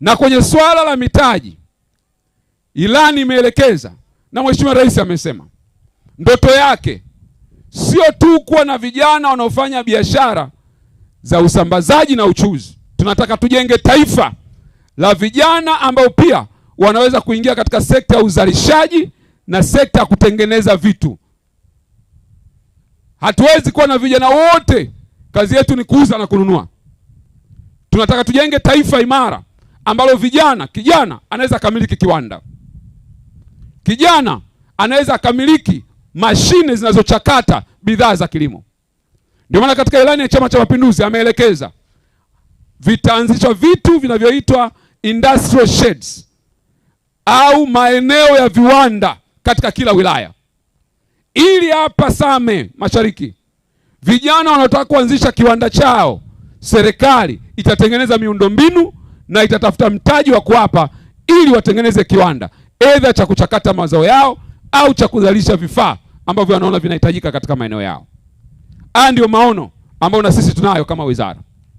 Na kwenye swala la mitaji, ilani imeelekeza na Mheshimiwa Rais amesema ndoto yake sio tu kuwa na vijana wanaofanya biashara za usambazaji na uchuzi. Tunataka tujenge taifa la vijana ambao pia wanaweza kuingia katika sekta ya uzalishaji na sekta ya kutengeneza vitu. Hatuwezi kuwa na vijana wote kazi yetu ni kuuza na kununua. Tunataka tujenge taifa imara ambalo vijana, kijana anaweza akamiliki kiwanda, kijana anaweza akamiliki mashine zinazochakata bidhaa za kilimo. Ndio maana katika ilani ya Chama cha Mapinduzi ameelekeza vitaanzishwa vitu vinavyoitwa industrial sheds au maeneo ya viwanda katika kila wilaya, ili hapa Same Mashariki vijana wanaotaka kuanzisha kiwanda chao serikali itatengeneza miundombinu na itatafuta mtaji wa kuwapa ili watengeneze kiwanda edha cha kuchakata mazao yao au cha kuzalisha vifaa ambavyo wanaona vinahitajika katika maeneo yao. Haya ndio maono ambayo na sisi tunayo kama wizara.